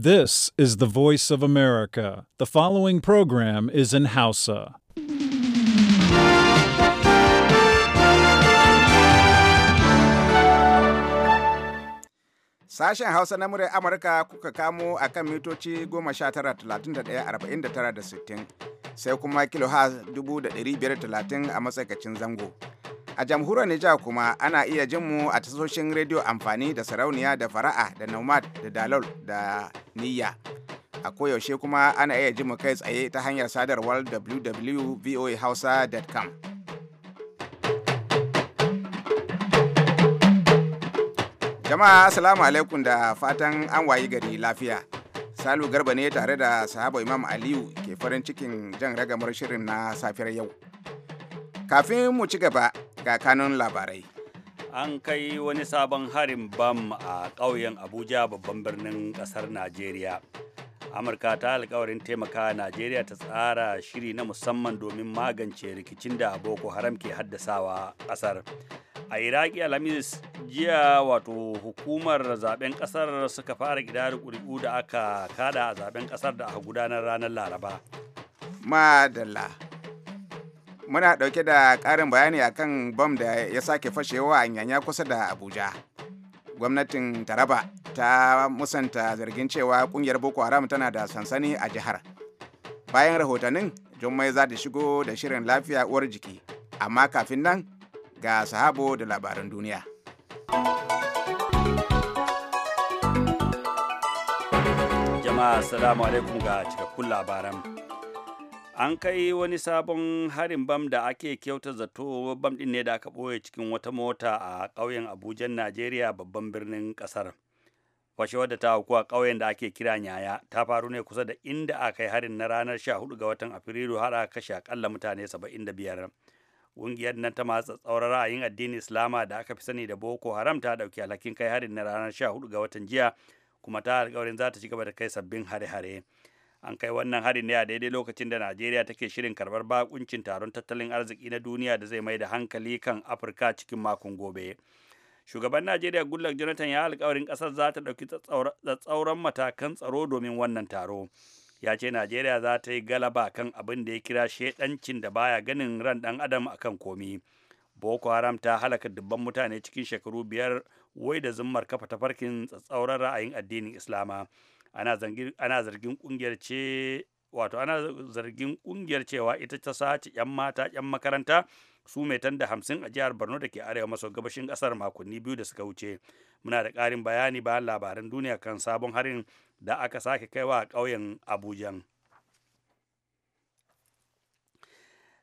This is the voice of America. The following program is in Hausa. Sashen Hausa na muryar Amurka kuka kamo a kan mitoci 19,31,49 da 60 sai kuma kilohaz 530 a matsakaicin zango. A jamhuriyar Nijar kuma ana iya jin mu a tasoshin rediyo amfani da sarauniya da fara'a da nomad da dalol da niyya. A koyaushe kuma ana iya jin mu kai tsaye ta hanyar sadarwar www.voahausa.com. Jama'a Assalamu alaikum da fatan an wayi gari lafiya. Salu Garba ne tare da sahaba Imam Aliyu ke farin cikin jan ragamar shirin na safiyar yau. Kafin mu ci gaba, ga labarai an kai wani sabon harin bam a ƙauyen abuja babban birnin ƙasar najeriya amurka ta alkawarin taimaka najeriya ta tsara shiri na musamman domin magance rikicin da boko haram ke haddasawa ƙasar. a iraki alhamis jiya wato hukumar zaben ƙasar suka fara gidar ƙuri'u da aka kada a zaben ƙasar da aka gudanar ranar laraba madalla muna dauke da karin bayani akan bom da ya sake fashewa a yanya kusa da Abuja. Gwamnatin Taraba ta musanta zargin cewa ƙungiyar Boko Haram tana da sansani a jihar. Bayan rahotannin, Jummai za ta shigo da shirin lafiya uwar jiki, amma kafin nan ga sahabo da labaran duniya. Jama'a, salamu alaikum ga cikakkun labaran. an kai wani sabon harin bam da ake kyauta zato bam din ne da aka ɓoye cikin wata mota a ƙauyen abuja najeriya babban birnin ƙasar fashewar da ta auku a ƙauyen da ake kira nyaya ta faru ne kusa da inda aka yi harin na ranar 14 ga watan afrilu har aka kashe akalla mutane 75 ƙungiyar nan ta masu tsaurar ra'ayin addinin islama da aka fi sani da boko haram ta ɗauki alhakin kai harin na ranar 14 ga watan jiya kuma ta alƙawarin za ta ci gaba da kai sabbin hare-hare an kai wannan harin ne a daidai lokacin da najeriya take shirin karbar bakuncin taron tattalin arziki na duniya da zai mai da hankali kan afirka cikin makon gobe shugaban najeriya goodluck jonathan ya alkawarin ƙasar za ta ɗauki tsatsauran matakan tsaro domin wannan taro ya ce najeriya za ta yi galaba kan abin da ya kira shedancin da baya ganin ran dan adam akan komi boko haram ta halaka dubban mutane cikin shekaru biyar wai da zummar kafa tafarkin tsatsauran ra'ayin addinin islama ana zargin kungiyar ce wato ana zargin kungiyar cewa ita ta sace 'yan mata 'yan makaranta su mai da hamsin a jihar borno da ke arewa maso gabashin kasar makonni biyu da suka wuce muna da ƙarin bayani bayan labaran duniya kan sabon harin da aka sake kaiwa a ƙauyen abuja.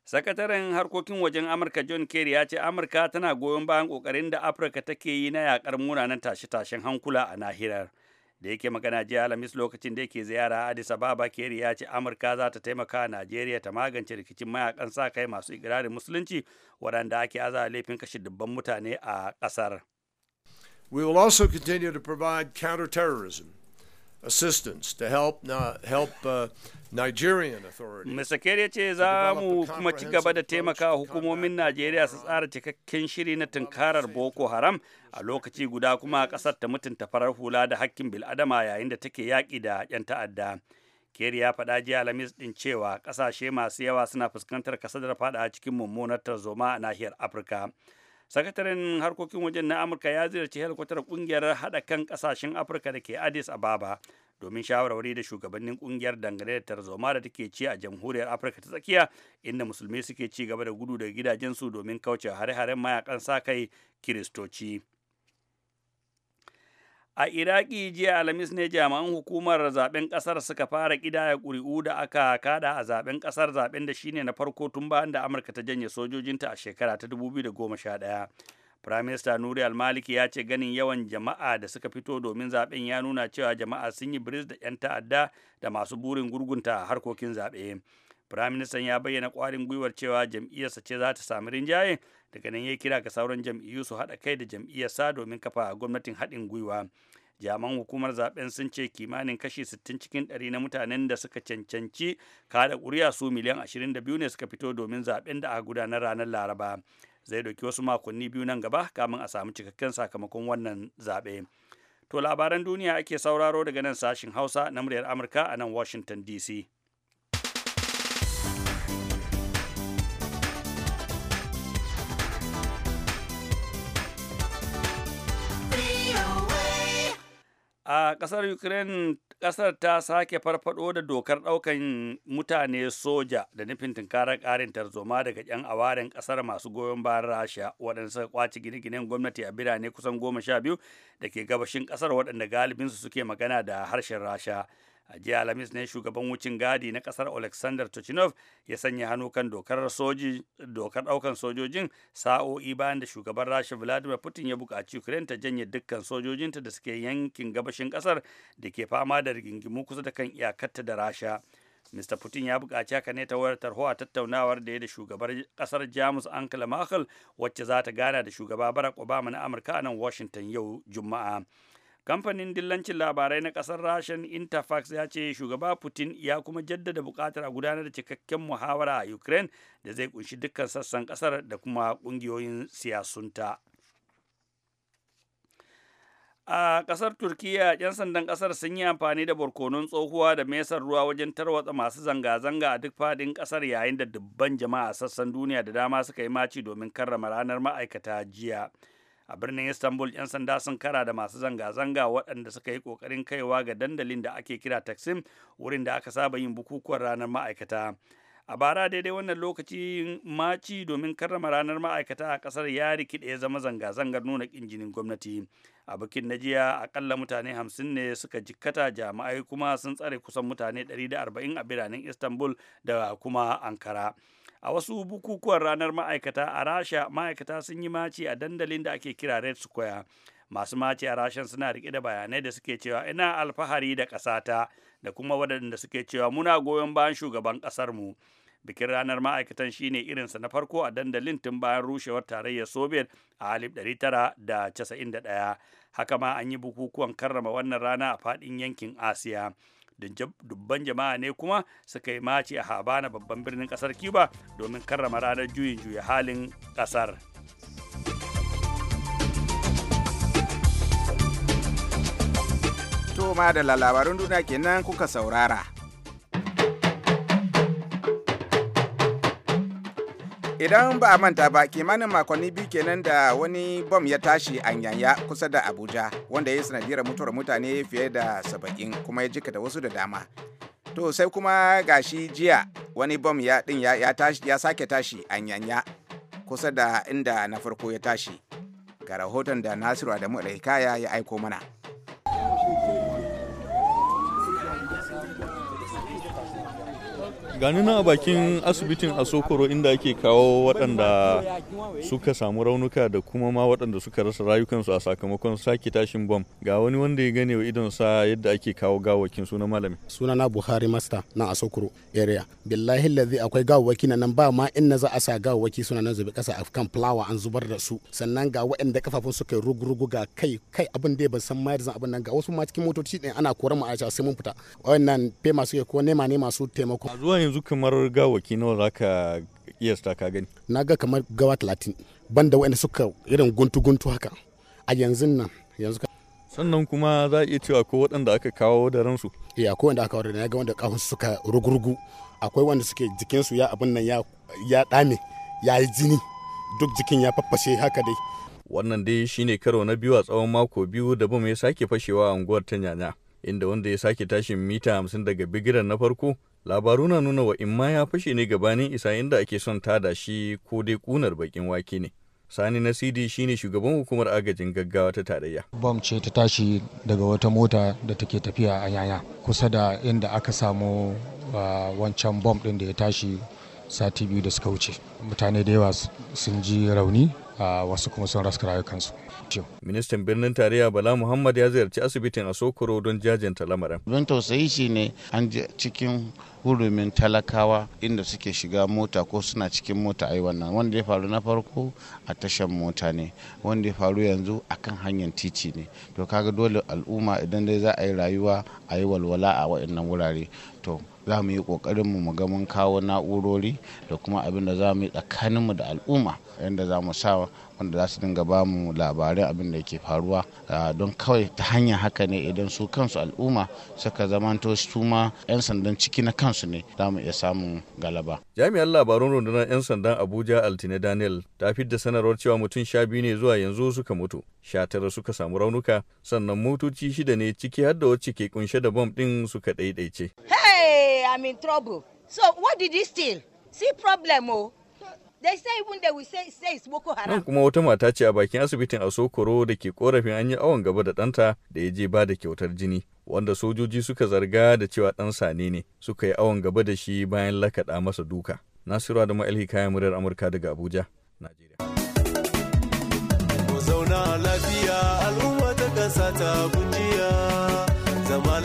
sakataren harkokin wajen amurka john kerry ya ce amurka tana goyon bayan kokarin da afirka take yi na yakar munanan tashe-tashen hankula a nahirar da yake magana jiya alhamis lokacin da yake ziyara addis ababa keri ya ce amurka za ta taimaka najeriya ta magance rikicin mayakan sa kai masu igirarin musulunci waɗanda ake aza laifin kashe dubban mutane a ƙasar we will also continue to provide counter-terrorism assistance to help, uh, help uh, Misakir ya ce za mu kuma ci gaba da taimaka hukumomin Najeriya su tsara cikakken shiri na tunkarar Boko Haram a lokaci guda kuma a kasar ta mutunta farar hula da hakkin bil'adama yayin da take yaƙi da 'yan ta'adda. Kerry ya faɗa jiya Alhamis ɗin cewa ƙasashe masu yawa suna fuskantar kasadar faɗa cikin mummunar tarzoma a nahiyar Afirka. sakataren harkokin wajen na amurka ya ziyarci helikwatar ƙungiyar haɗa kan ƙasashen afirka da ke addis ababa domin shawarwari da shugabannin kungiyar dangane da tarzoma da take ci a jamhuriyar afirka ta tsakiya inda musulmi suke ci gaba da gudu daga gidajensu domin kauce hare-haren mayakan sa kai kiristoci a iraki jiya alhamis ne jami'an hukumar zaben kasar suka fara kidaya kuri'u da aka kada a zaben kasar zaben da shine na farko tun bayan da amurka ta janye sojojinta a shekara ta 2011 Firaminista Nuri al-maliki ya ce ganin yawan jama'a da suka fito domin zaben ya nuna cewa jama'a sun yi biris da 'yan ta'adda da masu burin gurgunta harkokin zaɓe. Firaministan ya bayyana ƙwarin gwiwar cewa jam'iyyarsa ce za ta sami rinjaye daga nan ya kira ga sauran jam'iyyu su haɗa kai da jam'iyyarsa domin kafa gwamnatin haɗin gwiwa. jaman hukumar zaben sun ce kimanin kashi 60 cikin 100 na mutanen da suka cancanci kada ƙuri'a su miliyan 22 ne suka fito domin zaben da aka gudanar ranar laraba zai dauki wasu makonni biyu nan gaba kamin a samu cikakken sakamakon wannan zaɓe to labaran duniya ake sauraro daga nan sashin hausa na muryar amurka a nan washington dc a ƙasar ukraine ƙasar ta sake farfado da dokar ɗaukan mutane soja da nufin tunkarar ƙarin tarzoma daga 'yan awaren ƙasar masu goyon bayan rasha waɗanda suka kwaci gine-ginen gwamnati a birane kusan goma sha biyu da ke gabashin ƙasar waɗanda galibinsu suke magana da harshen rasha a jiya alhamis ne shugaban wucin gadi na kasar alexander tuchinov ya sanya hannu kan dokar soji dokar daukan sojojin sa'o'i bayan da shugaban rasha vladimir putin ya buƙaci ukraine ta janye dukkan sojojinta da suke yankin gabashin kasar da ke fama da rigingimu kusa da kan iyakarta da rasha Mr. Putin ya buƙaci haka ne ta wayar tarho a tattaunawar da ya da shugabar ƙasar Jamus Angela Merkel wacce za ta gana da shugaba Barack Obama na Amurka a nan Washington yau Juma'a. kamfanin dillancin labarai na kasar rashin interfax ya ce shugaba putin ya kuma jaddada buƙatar a gudanar da cikakken muhawara a ukraine da zai kunshi dukkan sassan kasar da kuma ƙungiyoyin siyasunta a kasar turkiya yan sandan kasar sun yi amfani da barkonon tsohuwa da mesar ruwa wajen tarwatsa masu zanga-zanga a duk fadin kasar yayin da dubban jama'a sassan duniya da dama suka yi maci domin karrama ranar ma'aikata jiya a birnin istanbul 'yan sanda sun kara da masu zanga-zanga waɗanda suka yi ƙoƙarin kaiwa ga dandalin da ake kira taksim wurin da aka saba yin bukukuwan ranar ma'aikata a bara daidai wannan lokacin maci domin karrama ranar ma'aikata a kasar ya rikide ya zama zanga-zangar nuna injinin gwamnati a bikin na jiya akalla mutane hamsin ne suka jikkata jami'ai kuma sun tsare kusan mutane 140 a biranen istanbul da kuma ankara a wasu bukukuwan ranar ma'aikata a rasha ma'aikata sun yi maci a dandalin da ake kira red square masu mace a rashan suna riƙe da bayanai da suke cewa ina alfahari da ƙasata da kuma waɗanda suke cewa muna goyon bayan shugaban ƙasarmu bikin ranar ma'aikatan shine irinsa na farko a dandalin tun bayan rushewar tarayyar soviet a 1991 haka ma an yi bukukuwan karrama wannan rana a faɗin yankin asiya dubban jama'a ne kuma suka yi maci a habana babban birnin kasar cuba domin karrama ranar juyin juya halin kasar to ma da labaran duniya kenan kuka saurara idan ba a manta ba kimanin makonni biyu kenan da wani bom ya tashi a yanya kusa da abuja wanda ya yi sanadiyar mutuwar mutane fiye da saba'in kuma ya jika da wasu da dama to sai kuma gashi jiya wani bom ya din ya, sake tashi a yanya kusa da inda na farko ya tashi ga rahoton da nasiru adamu alhikaya ya aiko mana gani na a bakin asibitin a sokoro inda ake kawo waɗanda suka samu raunuka da kuma ma waɗanda suka rasa rayukansu a sakamakon sake tashin bom ga wani wanda ya gane wa idon sa yadda ake kawo gawakin suna malami sunana buhari masta na a sokoro area billahi lazi akwai gawaki na nan ba ma na za a sa gawaki suna nan zube kasa kan fulawa an zubar da su sannan ga waɗanda kafafun suka yi rugurugu ga kai kai abin da ban san mayar zan abin nan ga wasu ma cikin motoci ɗin ana koran mu a sai mun fita waɗannan fema suke ko nema ne masu taimako yanzu kamar gawaki nawa za ka kiyasta ka gani na ga kamar gawa talatin banda wa'anda suka irin guntu-guntu haka a yanzu nan yanzu sannan kuma za a iya cewa ko waɗanda aka kawo da ransu eh akwai wanda aka kawo da ga wanda kafin suka rugurgu akwai wanda suke jikinsu ya abin nan ya ɗame ya yi jini duk jikin ya faffashe haka dai wannan dai shine karo na biyu a tsawon mako biyu da bamu ya sake fashewa a unguwar ta nyanya inda wanda ya sake tashin mita hamsin daga bigiran na farko labaru na nuna wa imma ya fashe ne gabanin isa inda ake son tada shi ko dai kunar bakin wake ne sani na cd shine shugaban hukumar agajin gaggawa ta tarayya bom ce ta tashi daga wata mota da take tafiya a yaya kusa da inda aka samu ah, wancan bom din da ya tashi sati biyu da suka wuce mutane da yawa sun ji rauni a wasu kuma sun rasa rayukansu. Ministan birnin tarayya Bala Muhammad ya ziyarci asibitin a Sokoro don jajanta lamarin. Don tausayi shi ne an cikin hurumin talakawa inda suke shiga mota ko suna cikin mota a yi wannan wanda ya faru na farko a tashan mota ne wanda ya faru yanzu a kan hanyar titi ne to kaga dole al'umma idan dai za a yi rayuwa a yi walwala a waɗannan wurare to za mu yi kokarin mu ga mun kawo na'urori da kuma abin da za mu yi mu da al'umma yadda za mu sa wanda za su dinga ba mu labarai abin da ke faruwa don kawai ta hanyar haka ne idan su kansu al'umma suka to su ma 'yan sandan ciki na kansu ne za mu iya samun galaba. jami'an labarun rundunar 'yan sandan abuja altine daniel ta fidda sanarwar cewa mutum sha biyu ne zuwa yanzu suka mutu sha tara suka samu raunuka sannan motoci shida ne ciki har da wacce ke kunshe da bom din suka ɗaiɗaice. say i'm in trouble so what did he steal see problem oh. They say even they will say, say it's Boko Haram. Nan kuma wata mata ce a bakin asibitin a Sokoro da ke korafin an yi awon gaba da ɗanta da ya je ba da kyautar jini, wanda sojoji suka zarga da cewa ɗan sane ne suka yi awon gaba da shi bayan lakaɗa masa duka. Nasiru Adamu Alhi kayan muryar Amurka daga Abuja, Najeriya. zauna lafiya al'umma ta kasa ta kunjiya zama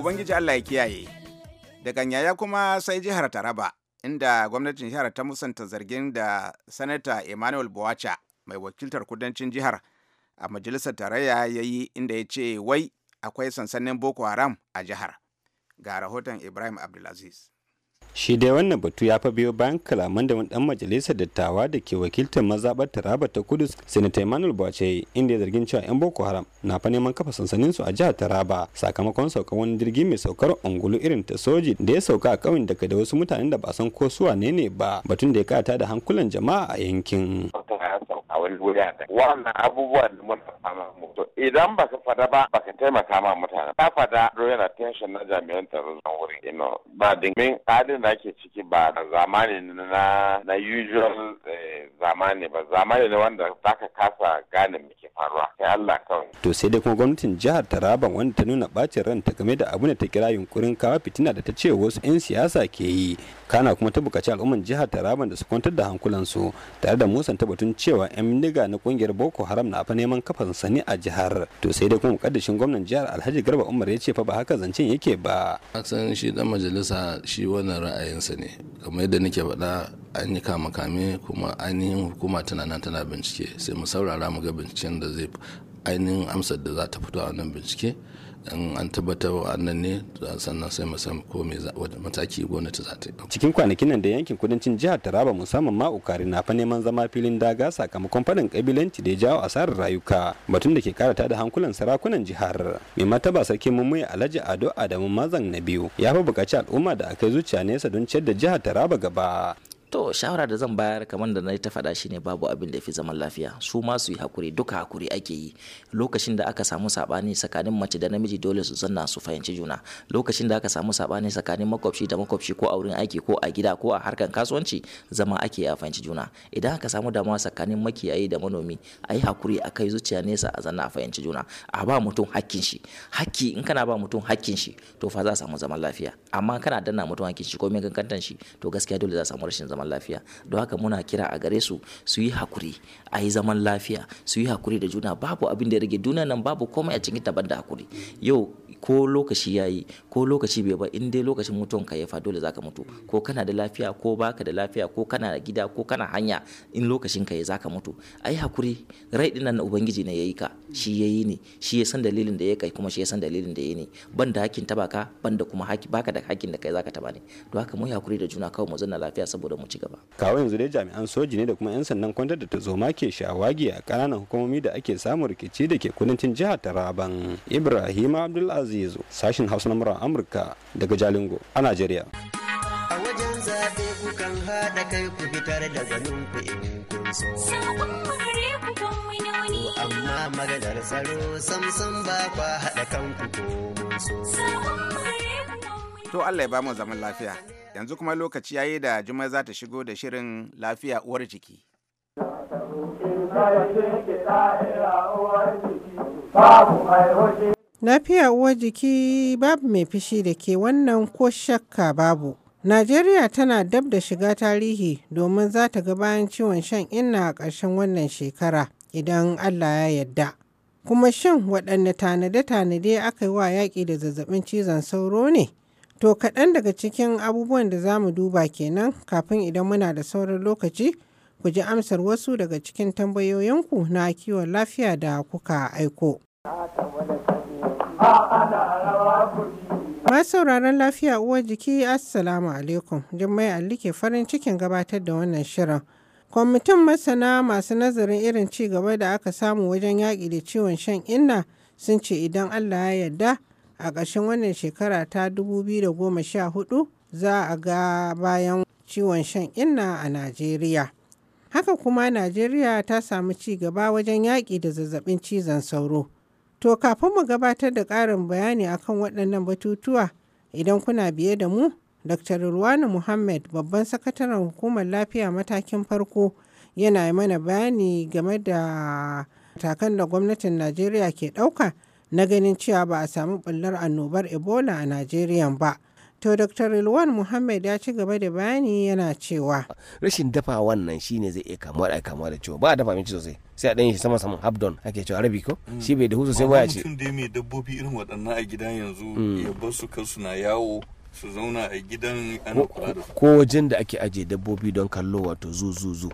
Ubangiji Allah ya kiyaye. Daga yaya kuma sai jihar Taraba, inda gwamnatin jihar ta musanta zargin da Sanata Emmanuel Buwacha, mai wakiltar kudancin jihar a majalisar tarayya ya yi inda ya ce wai akwai sansannin Boko Haram a jihar. Ga rahoton Ibrahim Abdulaziz. shi dai wannan batu ya fa biyo bayan kalaman da dan majalisar dattawa da ke wakiltar mazaɓar taraba ta kudu senator emmanuel bace inda ya zargin cewa yan boko haram na fa neman kafa sansanin su a jihar taraba sakamakon saukar wani jirgi mai saukar ungulu irin ta soji da ya sauka a kauyen daga da wasu mutanen da ba san ko su ne ba batun da ya kata da hankulan jama'a a yankin wani wurare wannan abubuwan da mun fama mu to idan baka fada ba baka taimaka ma mutane ba fada yana tension na jami'an tsaro zan wurin ino ba domin tsarin da ake ciki ba zamani na na usual eh, zamani ba zamani ne wanda zaka kasa gane me ke faruwa sai Allah kawai to sai dai kuma gwamnatin jihar taraba wanda ta nuna bacin ranta game da abin da ta kira yunkurin kawo fitina da ta ce wasu 'yan siyasa ke yi kana kuma ta bukaci al'umman jihar taraba da su kwantar da hankulansu tare da musanta batun cewa 'yan bindiga na kungiyar boko haram na fa neman kafin sani a jihar to sai dai kuma mukaddashin gwamnan jihar alhaji garba umar ya ce fa ba haka zancen yake ba a san shi dan majalisa shi wannan ra'ayinsa ne kamar yadda nake faɗa an yi kama kame kuma ainihin hukuma tana nan tana bincike sai mu saurara mu ga binciken da zai ainihin amsar da za ta fito a wannan bincike in an tabbatar annan ne sannan sai mu ko mai mataki gwamnati za ta yi cikin kwanakin nan da yankin kudancin jihar taraba musamman ma ukari na fa neman zama filin daga sakamakon faɗin kabilanci da ya jawo asarar rayuka batun da ke kara da hankulan sarakunan jihar mai mataba sarkin mummuyi alhaji ado adamu mazan na biyu ya fi bukaci al'umma da aka zuciya nesa don ciyar da jihar taraba gaba to shawara da zan bayar kamar da na ta faɗa shine babu abin da fi zaman lafiya su ma su yi hakuri duka hakuri ake yi lokacin da aka samu sabani tsakanin mace da namiji dole su zanna su fahimci juna lokacin da aka samu sabani tsakanin makwabci da makwabci ko a wurin aiki ko a gida ko a harkan kasuwanci zama ake a fahimci juna idan aka samu damuwa tsakanin makiyayi da manomi a yi hakuri a kai zuciya nesa a zanna a fahimci juna a ba mutum hakkin shi hakki in kana ba mutum hakkin shi to fa za a samu zaman lafiya amma kana danna mutum hakkin shi ko kankantan shi to gaskiya dole za a samu rashin zaman zaman lafiya don haka muna kira a gare su su yi hakuri a yi zaman lafiya su yi hakuri da juna babu abin da ya rage duniya nan babu komai a cikin ta da hakuri yau ko lokaci yayi ko lokaci bai ba in dai lokacin mutuwan ka ya fa dole zaka mutu ko kana da lafiya ko baka da lafiya ko kana da gida ko kana hanya in lokacin ka ya zaka mutu ai hakuri rai dinnan na ubangiji ne yayi ka shi yayi ne shi ya san dalilin da ya kai kuma shi ya san dalilin da yayi ne ban da hakkin taba ka ban da kuma haki baka da hakkin da kai zaka taba ne to haka mu hakuri da juna kawai mu zanna lafiya saboda mu ci gaba kawo yanzu dai jami'an soji ne da kuma yan sandan kwantar da tazoma ke shawagi a kananan hukumomi da ake samun rikici da ke kudancin jihar Taraban Ibrahim Aziz zai zo sashin hausa na murar amurka daga jalingo a najeriya a wajen zaɓe kukan haɗa kai ku fitar da ganin ku in kun so amma maganar tsaro samsam ba kwa haɗa kanku ko mun so to Allah ya ba zaman lafiya yanzu kuma lokaci yayi da Jummai za ta shigo da shirin lafiya uwar jiki babu mai hoji Lafiya uwar jiki babu mai fishi da ke wannan ko shakka babu. Najeriya tana dab da shiga tarihi domin za ta ga bayan ciwon shan inna a ƙarshen wannan shekara idan Allah ya yadda. Kuma shin waɗanne tanade-tanade aka yi wa yaƙi da zazzabin cizon sauro ne? To kaɗan daga cikin abubuwan da za mu duba kenan kafin idan muna da sauran lokaci ku ji amsar wasu daga cikin tambayoyinku na kiwon lafiya da kuka aiko. sauraron lafiya uwar jiki assalamu alaikum jummai alli ke farin cikin gabatar da wannan shirin kwamitin masana masu nazarin irin ci gaba da aka samu wajen yaƙi da ciwon shan inna sun ce idan allah ya yarda a ƙarshen wannan shekara ta 2014 za a ga bayan ciwon shan inna a najeriya haka kuma najeriya ta samu ci gaba wajen yaƙi da zazzabin cizon sauro To kafin mu gabatar da ƙarin bayani akan waɗannan batutuwa idan kuna biye da mu, Dr. Ruwanu Muhammad babban sakataren hukumar lafiya matakin farko yana mana bayani game da matakan da gwamnatin Najeriya ke ɗauka na ganin cewa ba a samu ɓullar annobar Ebola a Najeriya ba. To Dr. Ilwan Muhammad ya ci gaba da bayani yana cewa. Rashin dafa wannan shine zai iya kamuwa da kamuwa da ciwo ba a dafa abinci sosai sai a ɗanyi shi sama saman abdon ake cewa rabi ko mm. shi bai dahu sosai baya ce. Mutum da mai dabbobi irin waɗannan a gida yanzu mm. ya bar su kansu na yawo su zauna a gidan ana kula da su. Ko wajen da ake ajiye dabbobi don kallo wato zu zu zu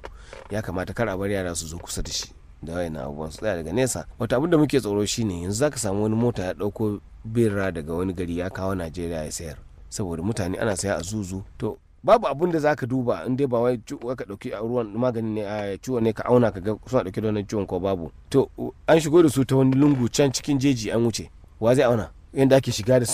ya kamata kar a bar yara su zo kusa da shi. da wayan abubuwan su tsaya daga nesa wata abin da muke tsoro shine yanzu zaka samu wani mota ya dauko birra daga wani gari ya kawo najeriya ya sayar saboda mutane ana saya a zuzu to babu abun da zaka duba in dai ba wai ka dauki ruwan maganin ne a ciwon ne ka auna ka ga suna dauke da wannan ciwon ko babu to an shigo da su ta wani lungu can cikin jeji an wuce wa zai auna yadda ake shiga da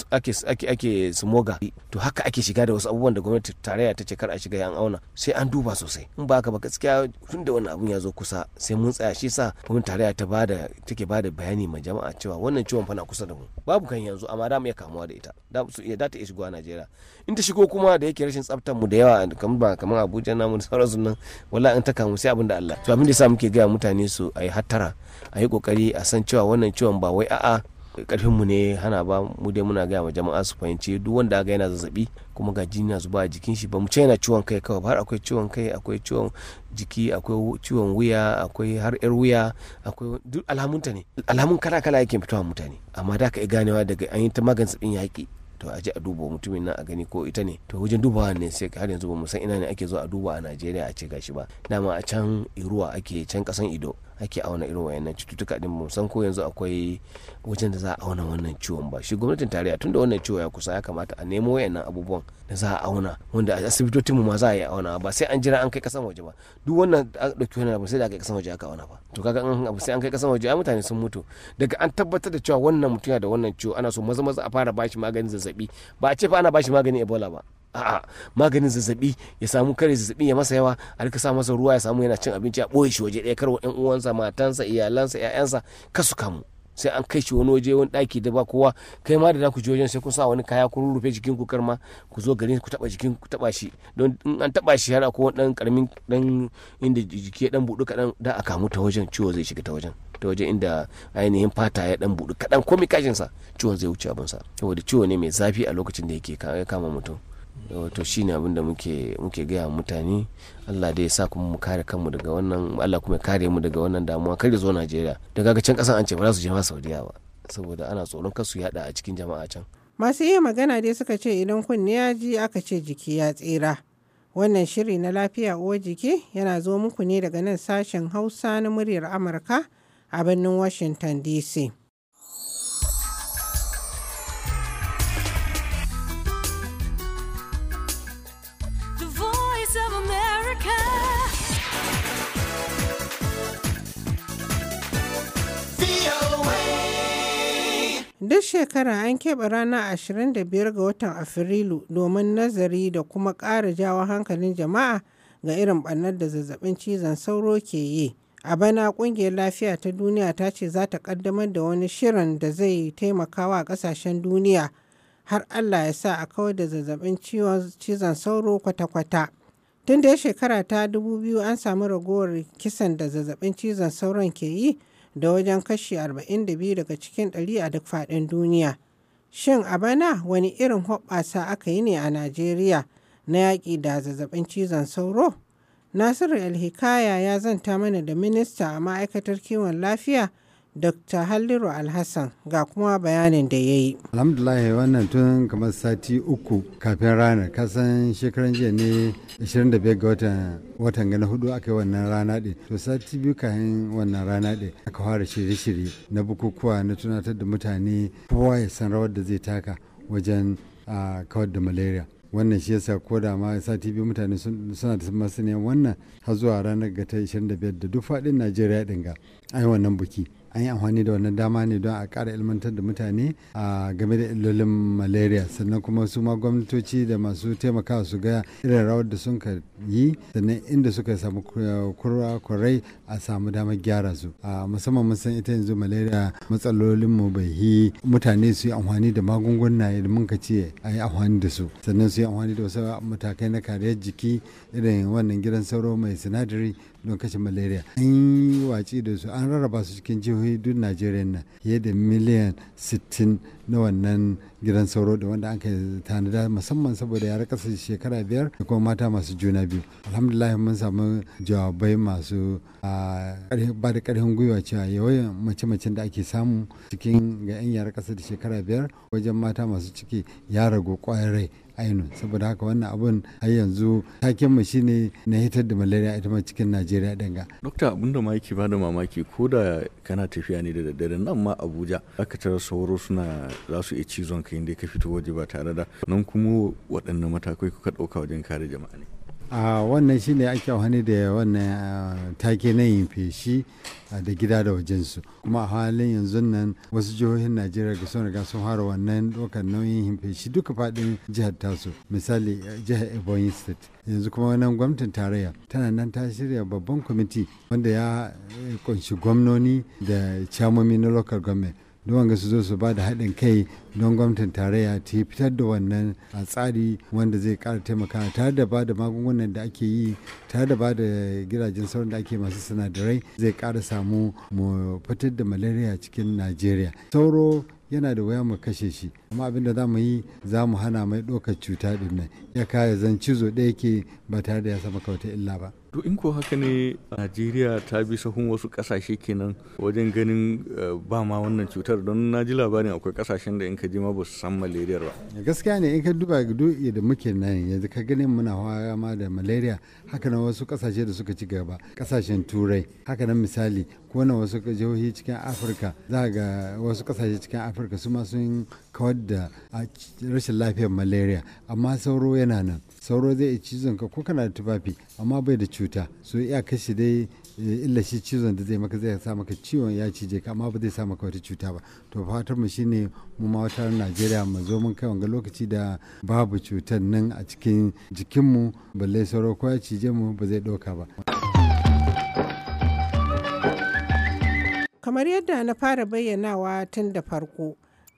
ake smoga to haka ake shiga da wasu abubuwan da gwamnati tarayya ta ce kar a shiga yan auna sai an duba sosai in ba haka ba gaskiya tun da wannan abun ya zo kusa sai mun tsaya shi sa gwamnati tarayya ta bada take bada bayani ma jama'a cewa wannan ciwon fana kusa da mu babu kan yanzu amma da mu iya kamuwa da ita da su iya ta iya shigo a Najeriya in ta shigo kuma da yake rashin tsaftar mu da yawa kamar ba kamar Abuja namu da sauransu nan wallahi in ta kamu sai abin da Allah to abin da yasa muke ga mutane su ayi hattara a yi kokari a san cewa wannan ciwon ba wai a'a karfin mu ne hana ba mu dai muna gaya wa jama'a su fahimci duk wanda ga yana zazzabi kuma ga jini na zuba a jikin shi ba mu ce yana ciwon kai kawai har akwai ciwon kai akwai ciwon jiki akwai ciwon wuya akwai har yar wuya akwai duk alhamunta ne alhamun kala kala yake fitowa mutane amma da ka yi ganewa daga an yi ta magan tsibin yaƙi to a je a duba mutumin nan a gani ko ita ne to wajen dubawa ne sai har yanzu ba mu san ina ne ake zuwa a duba a Najeriya a ce gashi ba dama a can iruwa ake can kasan ido ake auna irin wayannan cututtuka din mu san ko yanzu akwai wajen da za a auna wannan ciwon ba shi gwamnatin tarayya tunda wannan ciwo ya kusa ya kamata a nemo wayannan abubuwan da za a auna wanda a asibitocin mu ma za a yi auna ba sai an jira an kai kasan waje ba duk wannan a dauki wannan abu sai da kai kasan waje aka auna ba to kaga an abu sai an kai kasan waje ai mutane sun mutu daga an tabbatar da cewa wannan mutum da wannan ciwo ana so maza maza a fara bashi maganin zazzabi ba a ce fa ana bashi maganin ebola ba a'a maganin zazzabi ya samu kare zazzabi ya masa yawa a rika sa masa ruwa ya samu yana cin abinci a boye shi waje ɗaya karwa ɗan uwansa matansa iyalansa ƴaƴansa kasu kamu sai an kai shi wani waje wani ɗaki da ba kowa kai ma da za ku je wajen sai ku sa wani kaya ku rurrufe jikin ku karma ku zo gari ku taba jikin ku taba shi don in an taba shi har akwai dan karamin dan inda jiki ya dan budu kadan da a kamu ta wajen ciwo zai shiga ta wajen ta wajen inda ainihin fata ya dan budu kadan komi kashin ciwon zai wuce abin saboda ciwo ne mai zafi a lokacin da yake kama mutum wato shine abin da muke gaya mutane Allah dai ya sa kuma mu kare kanmu daga wannan Allah kuma ya kare mu daga wannan damuwa kar zo Najeriya daga can kasan an ce ba za su je ma Saudiya ba saboda ana tsoron kasu yada a cikin jama'a can masu iya magana dai suka ce idan kunne ya ji aka ce jiki ya tsira wannan shiri na lafiya uwa jiki yana zo muku ne daga nan sashen Hausa na muryar Amurka a birnin Washington DC Duk shekara an keɓe ranar 25 ga watan Afrilu domin nazari da kuma ƙara jawo hankalin jama'a ga irin ɓarnar da zazzabin cizon sauro ke yi. A bana ƙungiyar lafiya ta duniya ta ce za ta ƙaddamar da wani shirin da zai taimaka wa ƙasashen duniya har Allah ya sa a kawar da zazzabin cizon sauro kwata-kwata. Tun da shekara ta 2000 an samu ragowar kisan da zazzabin cizon sauron ke yi, da wajen kashi 42 daga cikin ɗari a duk faɗin duniya. Shin a bana wani irin hoɓasa aka yi ne a Najeriya na yaƙi da zazzabin cizon sauro? Nasiru Alhikaya ya zanta mana da minista a ma'aikatar kiwon lafiya Dr. Halliru Alhassan ga kuma bayanin da ya yi. Alhamdulahi wannan tun kamar sati uku kafin ranar kasan shekaran jiya ne 25 ga watan watan gana hudu aka yi wannan rana ɗin. To sati biyu kafin wannan rana ɗin aka fara shirye-shirye na bukukuwa na tunatar da mutane kowa ya san rawar da zai taka wajen kawar da malaria. wannan shi yasa ko da ma sati biyu mutane suna da masaniya wannan har zuwa ranar ga ta 25 da duk faɗin najeriya ɗin ga ai wannan buki an yi amfani da wannan dama ne don a kara ilmantar da mutane a game da illolin malaria sannan kuma su ma gwamnatoci da masu taimakawa su ga irin rawar da sun yi sannan inda suka samu kurakurai a samu damar gyara su musamman mun san ita yanzu malaria matsalolin mu bai yi mutane su yi amfani da magunguna da mun ka ce a yi amfani da su sannan su yi amfani da wasu matakai na kariyar jiki irin wannan gidan sauro mai sinadari don kashe malaria an yi watsi da su an rarraba su cikin jihohi jihohi duk najeriya nan fiye da miliyan 60 na wannan gidan sauro da wanda aka tanada musamman saboda yara kasa shekara biyar da kuma mata masu juna biyu alhamdulillah mun samu jawabai masu ba da ƙarfin gwiwa cewa yawan mace-macen da ake samu cikin ga 'yan yara kasa da shekara biyar wajen mata masu ciki ya ragu ƙwarai ainun saboda haka wannan abun har yanzu taken mu shine na hitar da malaria ita ma cikin najeriya danga dokta abinda ma yake bada mamaki ko da kana tafiya ne da daddare nan ma abuja aka tara sauro suna za su iya cizon ka inda ka fito waje ba tare da nan kuma waɗanne matakai kuka ɗauka wajen kare jama'a ne a wannan shi ne ake wani da wannan take na yin feshi da gida da wajensu kuma a halin yanzu nan wasu jihohin najeriya ga sun riga sun fara wannan dokar nauyin yin feshi duka fadin jihar tasu misali jihar ebonyi state yanzu kuma wannan gwamnatin tarayya tana nan ta shirya babban kwamiti wanda ya kunshi eh, gwamnoni da camomi na local government don ga su zo su ba da haɗin kai don gwamnatin tarayya ta fitar da wannan a tsari wanda zai ƙara taimaka tare da ba da magungunan da ake yi tare da ba da gidajen sauran da ake masu sinadarai zai ƙara samu mu fitar da malaria cikin najeriya sauro yana da waya mu kashe shi amma abin da za mu yi za mu hana mai ɗaukar cuta ɗin nan ya kaya zan cizo ɗaya ke ba tare da ya sama kawata illa ba to in ko haka ne najeriya ta bi sahun wasu kasashe kenan wajen ganin eh, ba ma wannan cutar don na ji labarin akwai kasashen da in ka je ma ba su san malaria ba gaskiya ne in ka duba duk da muke nan yanzu ka ganin muna hawa ma da malaria haka nan wasu kasashe da suka ci gaba kasashen turai haka nan misali ko na wasu jihohi cikin afirka za ga wasu kasashe cikin afirka su ma sun kawar da rashin lafiyar malaria amma sauro yana nan sauro zai iya cizon ka ko kana da tufafi amma bai da cuta so iya kashe dai eh, illa shi cizon da zai maka zai sa maka ciwon ya cije ka amma ba zai sa maka wata cuta ba to fatar mu shine mu ma wata Najeriya mu zo mun kai wanga lokaci da babu cutar nan a cikin jikinmu balle sauro ko ya cije mu ba zai ɗauka ba. kamar yadda na fara bayyanawa tun da farko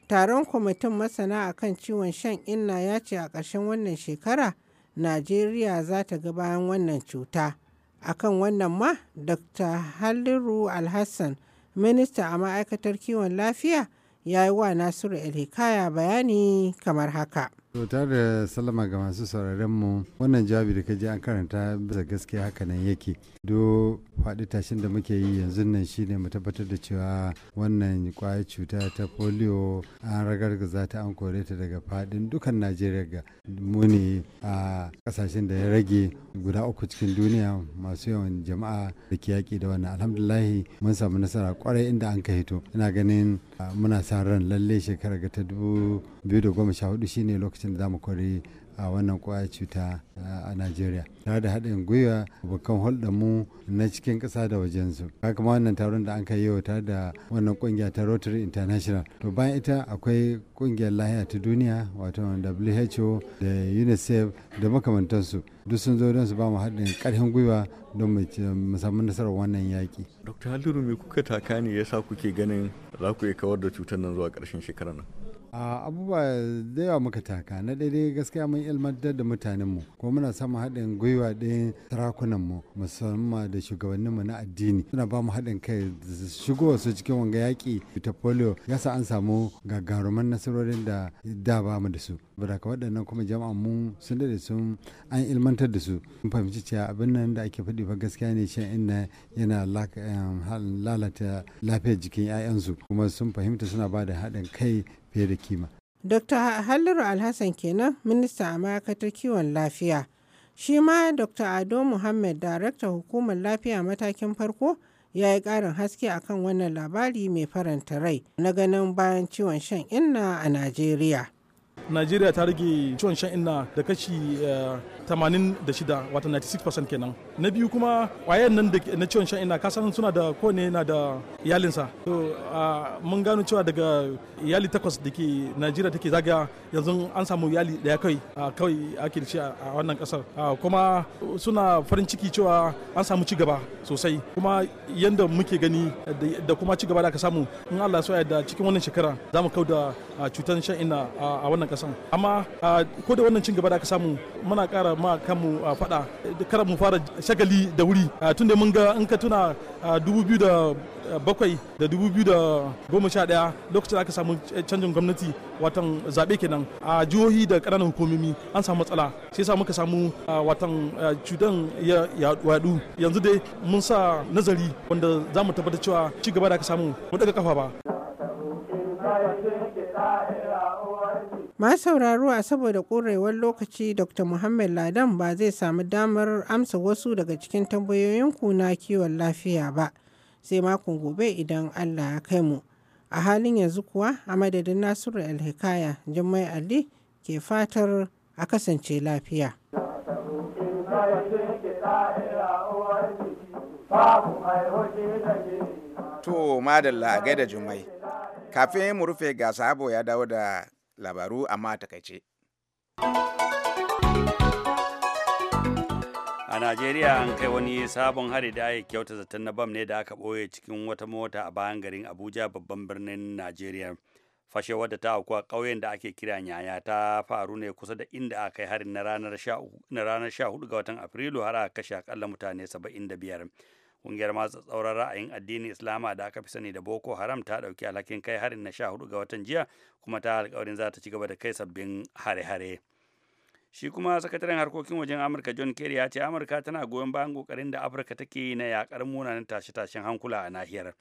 Taron kwamitin masana a kan ciwon shan-inna ya ce a ƙarshen wannan shekara, Najeriya za ta ga bayan wannan cuta. A kan wannan ma, Dr. haliru Alhassan, Minista a Ma'aikatar Kiwon Lafiya, ya yi wa Nasiru Elhikaya bayani kamar haka. tare da salama ga masu sauraron mu wannan jawabi da ka je an karanta bisa gaskiya hakanan yake do faɗi tashin da muke yi yanzu nan shine mu tabbatar da cewa wannan kwayar cuta ta polio an ragar ragargaza zata an kore ta daga faɗin dukan najeriya ga muni a ƙasashen da ya rage guda uku cikin duniya masu yawan jama'a da ke yaƙi da wannan alhamdulahi mun samu nasara kwarai inda an ka hito ina ganin muna sa ran lalle shekara ga ta dubu biyu da goma sha hudu shine lokacin da za mu kori a wannan kwayar cuta a najeriya tare da haɗin gwiwa abokan mu na cikin ƙasa da wajensu haka ma wannan taron da an kai yau tare da wannan ƙungiya ta rotary international to bayan ita akwai ƙungiyar lahiya ta duniya wato who da unicef da makamantansu duk sun zo don su ba mu haɗin ƙarfin gwiwa don mu samu nasarar wannan yaƙi. dr haliru me kuka taka ne sa kuke ganin za ku iya kawar da cutar nan zuwa ƙarshen shekarar nan abubuwa da yawa muka taka na daidai gaskiya mun ilmantar da mutanenmu kuma muna samun haɗin gwiwa ɗin sarakunanmu musamman da shugabanninmu na addini suna ba mu haɗin kai shigo su cikin wanga yaƙi ta polio ya sa an samu gagaruman nasarorin da da ba mu da su ka waɗannan kuma jama'an mu sun da sun an ilmantar da su mun fahimci cewa abin nan da ake faɗi fa gaskiya ne shan inna yana lalata lafiyar jikin 'ya'yansu kuma sun fahimta suna ba da haɗin kai fiye da kima. Dr. Halliru Alhassan kenan minista a ma'aikatar kiwon lafiya. Shi ma Dr. Ado Muhammad darekta hukumar lafiya matakin farko ya yi ƙarin haske akan wannan labari mai faranta rai na ganin bayan ciwon shan inna a Najeriya. najeriya ta rage ciwon shan inna da kashi 86 wata 96% kenan na biyu kuma kwayan nan da na ciwon shan inna kasan suna da kowane na da iyalinsa to mun gano cewa daga iyali takwas da ke najeriya take zagaya yanzu an samu iyali daya kai kawai ake da shi a wannan kasar kuma suna farin ciki cewa an samu ci gaba sosai kuma yadda muke gani da kuma ci gaba da aka samu in allah so da cikin wannan shekara za mu kau da cutar shan inna a wannan kasan amma ko da wannan cin gaba da aka samu muna kara ma kanmu fada kara mu fara shagali da wuri tun da mun ga in ka tuna dubu biyu da bakwai da dubu biyu da goma sha daya lokacin da aka samu canjin gwamnati watan zaɓe kenan a jihohi da ƙananan hukumomi an samu matsala shi yasa muka samu watan cutan ya yaɗu yanzu dai mun sa nazari wanda za mu tabbatar cewa ci gaba da aka samu mu daga kafa ba Ma sauraro a saboda ƙorewar lokaci Dr. Muhammad Ladan ba zai samu damar amsa wasu daga cikin tambayoyinku na kiwon lafiya ba, sai makon gobe idan Allah ya kai mu. A halin yanzu kuwa a madadin Nasiru Alhikaya, Jummai Ali ke fatar a kasance lafiya. To, madalla gaida Jummai. Kafin mu rufe ga sabo ya dawo da labaru amma a takaice. a najeriya an kai wani sabon hari da ya kyauta zaton na bam ne da aka ɓoye cikin wata mota a bayan garin abuja babban birnin najeriya fashewar da ta auku a ƙauyen da ake kira nyaya ta faru ne kusa da inda aka yi harin na ranar 14 ga watan afrilu har aka kashe akalla mutane 75 Ƙungiyar masu tsauran ra'ayin addinin Islama da aka fi sani da Boko Haram ta ɗauki alhakin kai harin na sha hudu ga watan jiya kuma ta alkawarin za ta ci gaba da kai sabbin hare-hare. Shi kuma sakataren harkokin wajen Amurka John Kerry ya ce Amurka tana goyon bayan kokarin da Afirka take yi na yakar munanan tashe-tashen hankula a nahiyar.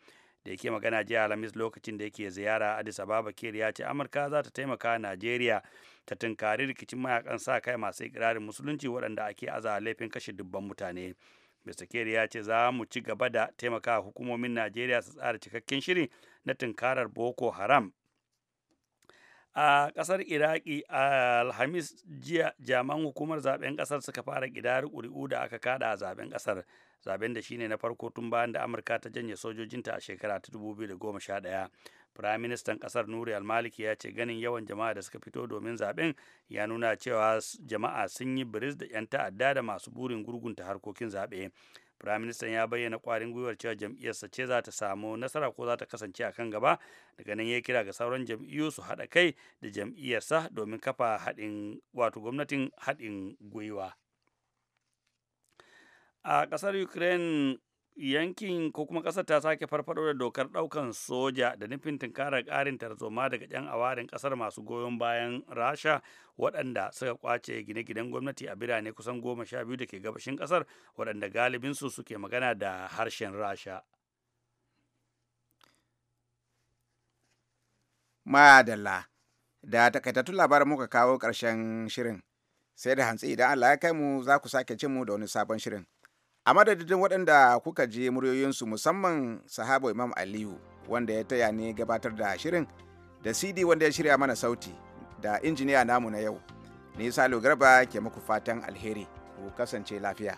da yake magana jiya alhamis lokacin da yake ziyara addis ababa kerry ya ce amurka za ta taimaka najeriya ta tunkari rikicin mayakan sa kai masu ikirarin musulunci waɗanda ake aza laifin kashe dubban mutane Mr. Kerry ya ce za mu ci gaba da taimakawa hukumomin Najeriya su tsara cikakken shiri na tunkarar Boko Haram. A ƙasar Iraki Alhamis jiya jaman hukumar zaben ƙasar suka fara ƙidar ƙuri'u da aka kada a zaben ƙasar. Zaben da shine na farko tun bayan da Amurka ta janye sojojinta a shekara ta 2011. Firaministan ƙasar Nuri al-Maliki ya ce ganin yawan jama'a da suka fito domin zaɓen ya nuna cewa jama'a sun yi biris da 'yan ta'adda da masu burin gurgunta harkokin zaɓe. Firaministan ya bayyana ƙwarin gwiwar cewa jam'iyyarsa ce za ta samu nasara ko za ta kasance a kan gaba daga nan ya kira ga sauran jam'iyyu su haɗa kai da jam'iyyarsa domin kafa haɗin wato gwamnatin haɗin gwiwa. a ƙasar ukraine yankin ko kuma ƙasar ta sake farfado da dokar ɗaukan soja da nufin tunkarar karin tarzoma daga 'yan awarin kasar masu goyon bayan rasha waɗanda suka kwace gine-ginen gwamnati a birane kusan goma sha biyu da ke gabashin kasar waɗanda galibinsu suke magana da harshen rasha madalla da takaitattun labarin muka kawo ƙarshen shirin sai da hantsi idan allah ya kai mu za ku sake cin mu da wani sabon shirin a madadin waɗanda kuka je muryoyinsu musamman sahaba imam aliyu wanda ya taya ne gabatar da shirin da cd wanda ya shirya mana sauti da injiniya namu na yau ne salo garba ke muku fatan alheri ku kasance lafiya